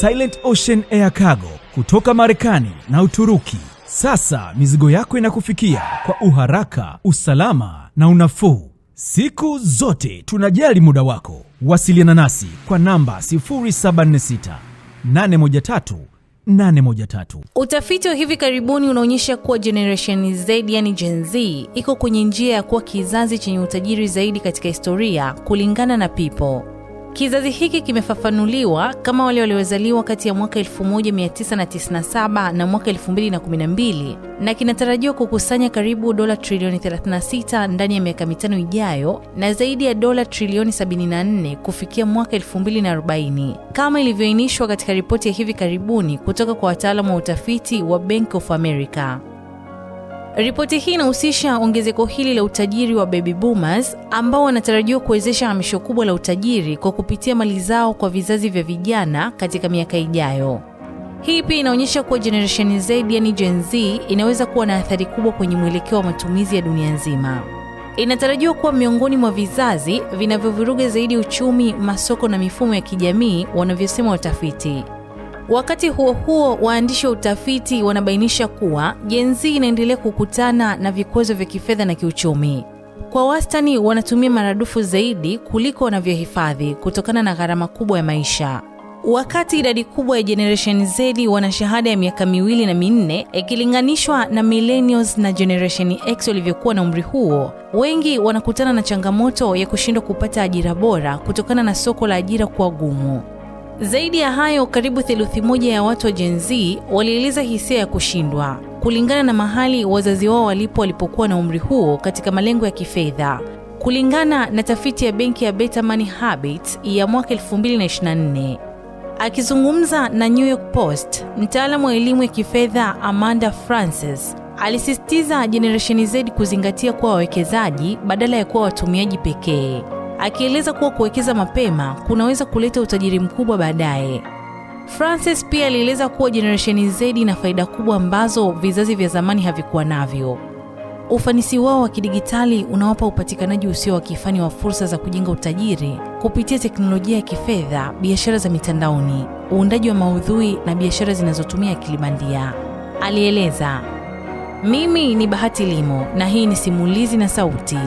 Silent Ocean Air Cargo kutoka Marekani na Uturuki. Sasa mizigo yako inakufikia kwa uharaka, usalama na unafuu. Siku zote tunajali muda wako. Wasiliana nasi kwa namba 076 813 813. Utafiti wa hivi karibuni unaonyesha kuwa Generation Z yani Gen Z iko kwenye njia ya kuwa kizazi chenye utajiri zaidi katika historia kulingana na People. Kizazi hiki kimefafanuliwa kama wale waliozaliwa kati ya mwaka 1997 na mwaka 2012 na kinatarajiwa kukusanya karibu dola trilioni 36 ndani ya miaka mitano ijayo na zaidi ya dola trilioni 74 kufikia mwaka 2040 kama ilivyoainishwa katika ripoti ya hivi karibuni kutoka kwa wataalamu wa utafiti wa Bank of America. Ripoti hii inahusisha ongezeko hili la utajiri wa baby boomers ambao wanatarajiwa kuwezesha hamisho kubwa la utajiri kwa kupitia mali zao kwa vizazi vya vijana katika miaka ijayo. Hii pia inaonyesha kuwa generation Z yani Gen Z inaweza kuwa na athari kubwa kwenye mwelekeo wa matumizi ya dunia nzima. Inatarajiwa kuwa miongoni mwa vizazi vinavyovuruga zaidi uchumi, masoko na mifumo ya kijamii wanavyosema watafiti. Wakati huo huo, waandishi wa utafiti wanabainisha kuwa Gen Z inaendelea kukutana na vikwazo vya kifedha na kiuchumi. Kwa wastani wanatumia maradufu zaidi kuliko wanavyohifadhi kutokana na gharama kubwa ya maisha. Wakati idadi kubwa ya Generation Z wana shahada ya miaka miwili na minne ikilinganishwa na Millennials na Generation X walivyokuwa na umri huo, wengi wanakutana na changamoto ya kushindwa kupata ajira bora kutokana na soko la ajira kuwa gumu. Zaidi ya hayo, karibu theluthi moja ya watu wa Gen Z walieleza hisia ya kushindwa kulingana na mahali wazazi wao walipo walipokuwa na umri huo katika malengo ya kifedha. Kulingana na tafiti ya benki ya Better Money Habits ya mwaka 2024. Akizungumza na New York Post, mtaalamu wa elimu ya kifedha Amanda Francis alisisitiza Generation Z kuzingatia kuwa wawekezaji badala ya kuwa watumiaji pekee akieleza kuwa kuwekeza mapema kunaweza kuleta utajiri mkubwa baadaye. Francis pia alieleza kuwa jeneresheni Z ina faida kubwa ambazo vizazi vya zamani havikuwa navyo. Ufanisi wao wa kidigitali unawapa upatikanaji usio wa kifani wa fursa za kujenga utajiri kupitia teknolojia ya kifedha, biashara za mitandaoni, uundaji wa maudhui na biashara zinazotumia akili bandia. Alieleza, mimi ni Bahati Limo na hii ni Simulizi na Sauti.